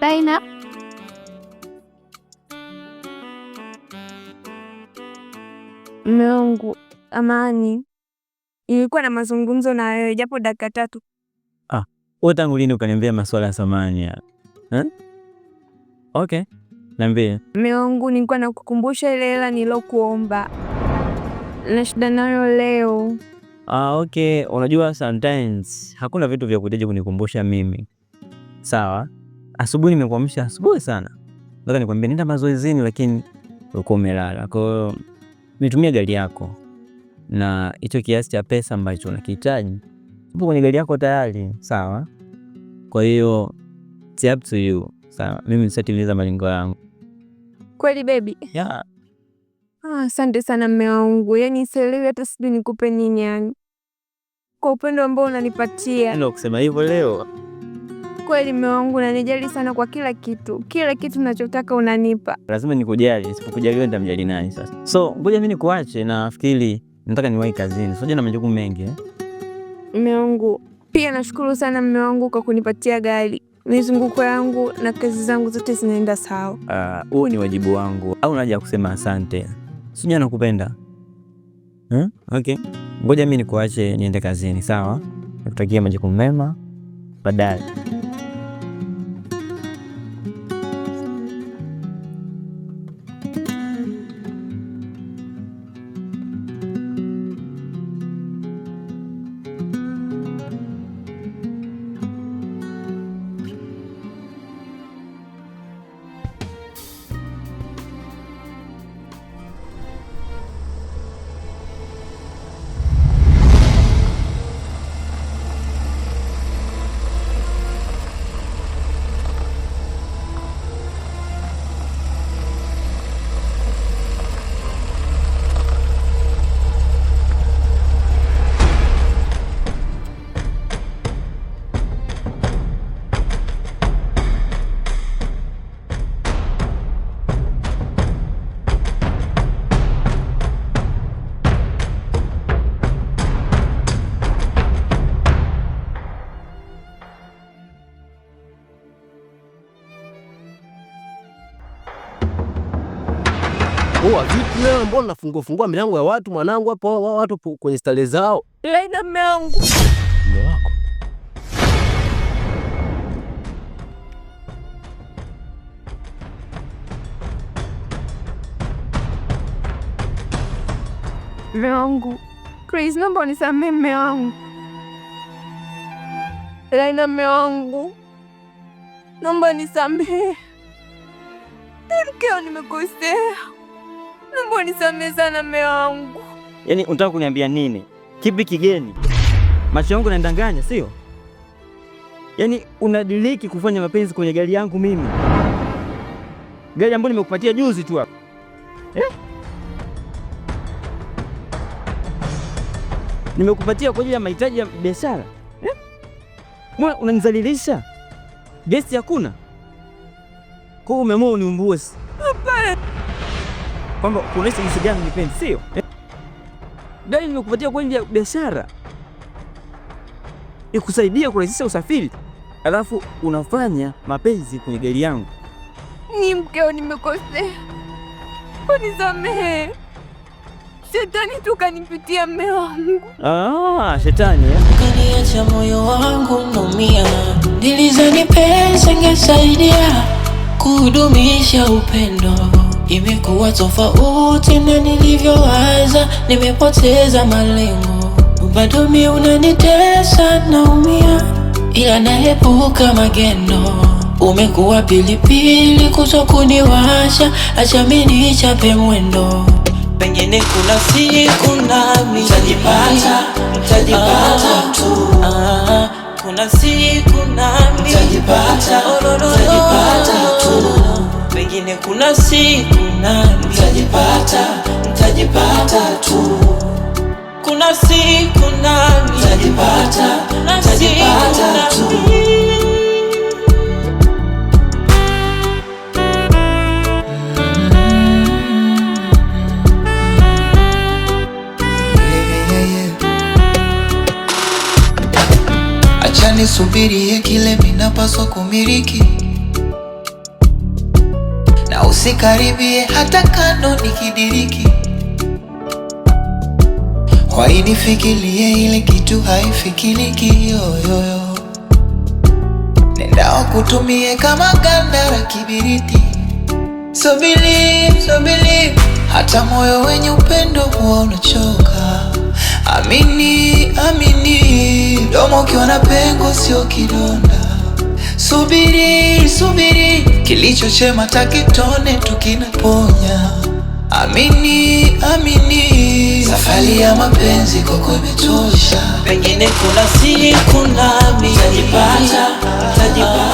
Bijna. Mungu, Amani, nilikuwa na mazungumzo na wewe japo dakika tatu. Ah, wewe tangu lini ukaniambia maswala ya samani ya huh? Okay, niambie. Mungu, nilikuwa nakukumbusha ile hela nilokuomba na shida nayo leo. Ah, okay, unajua sometimes hakuna vitu vya kuhitaji kunikumbusha mimi, sawa asubuhi nimekuamsha asubuhi sana mpaka nikwambia nenda mazoezini, lakini ulikuwa umelala. Kwa hiyo nitumia gari yako na hicho kiasi cha pesa ambacho unakihitaji upo kwenye gari yako tayari, sawa. Kwa hiyo it's up to you, sawa. Mimi nishatimiza malengo yangu kweli, baby. Yeah. Ah, asante ah, sana mme wangu, yaani sielewi hata sijui nikupe nini, yani kwa upendo ambao unanipatia. Ndio kusema hivyo leo kweli mume wangu unanijali sana kwa kila kitu, kila kitu nachotaka unanipa. Lazima nikujali, sipokujali wewe nitamjali nani sasa? So ngoja mimi nikuache, nafikiri nataka niwahi kazini, sije na majukumu mengi eh? Mume wangu pia nashukuru sana mume wangu kwa kunipatia gari. Mizunguko yangu na kazi zangu zote zinaenda sawa. Ah, huo uh, ni wajibu wangu, au naja kusema asante. Sija nakupenda hmm? Okay, ngoja mi nikuache niende kazini, sawa? Nakutakia majukumu mema, baadaye. nafungua vitu wewe, mbona nafungua fungua milango ya watu mwanangu? Hapo wa watu kwenye stare zao. Laila mume wangu. Mume wako. Mume wangu. Chris, naomba unisamehe mume wangu. Laila mume wangu. Naomba nisamehe. Mke wangu nimekosea. Naomba nisamehe sana mume wangu. Yaani unataka kuniambia nini? Kipi kigeni? Macho yangu yanadanganya, sio? Yaani unadiriki kufanya mapenzi kwenye gari yangu mimi, gari ambayo nimekupatia juzi tu hapa eh? Nimekupatia kwa ajili ya mahitaji ya biashara eh? Mbona unanizalilisha? Gesi hakuna, kwa hiyo umeamua uniumbue? Hapana kwamba kuonesha jinsi gani nipendi, sio gari nimekupatia kwa ajili ya biashara ikusaidia kurahisisha usafiri, alafu unafanya mapenzi kwenye gari yangu. Ni mkeo, nimekosea, unisamehe. Shetani tu kanipitia mme wangu. Ah, shetani eh. kaniacha moyo wangu naumia, nilizani pesa ingesaidia kudumisha upendo imekuwa tofauti na nilivyowaza nimepoteza malengo, bado mi unanitesa, naumia ila naepuka magendo umekuwa pilipili kutokuniwasha, acha mimi nichape mwendo. Pengine kuna siku nami nitajipata, nitajipata tu. Ah, ah, ah. Kuna siku nami nitajipata oh, Pengine kuna siku nami mtajipata, mtajipata tu. Kuna siku nami mtajipata, mtajipata tu. Subiri ye kile minapaswa kumiriki, Usikaribie hata kando nikidiriki, fikilie ile kitu haifikiliki Yoyoyo nenda wakutumie kama ganda la kibiriti. So believe, so believe, hata moyo wenye upendo huwa unachoka. Amini, amini, domo ukiwa na pengo sio kidonda Subiri, subiri, kilichochema takitone tukinaponya. Amini, amini, safari ya mapenzi koko imetosha. Pengine kuna siku nami tajipata, tajipata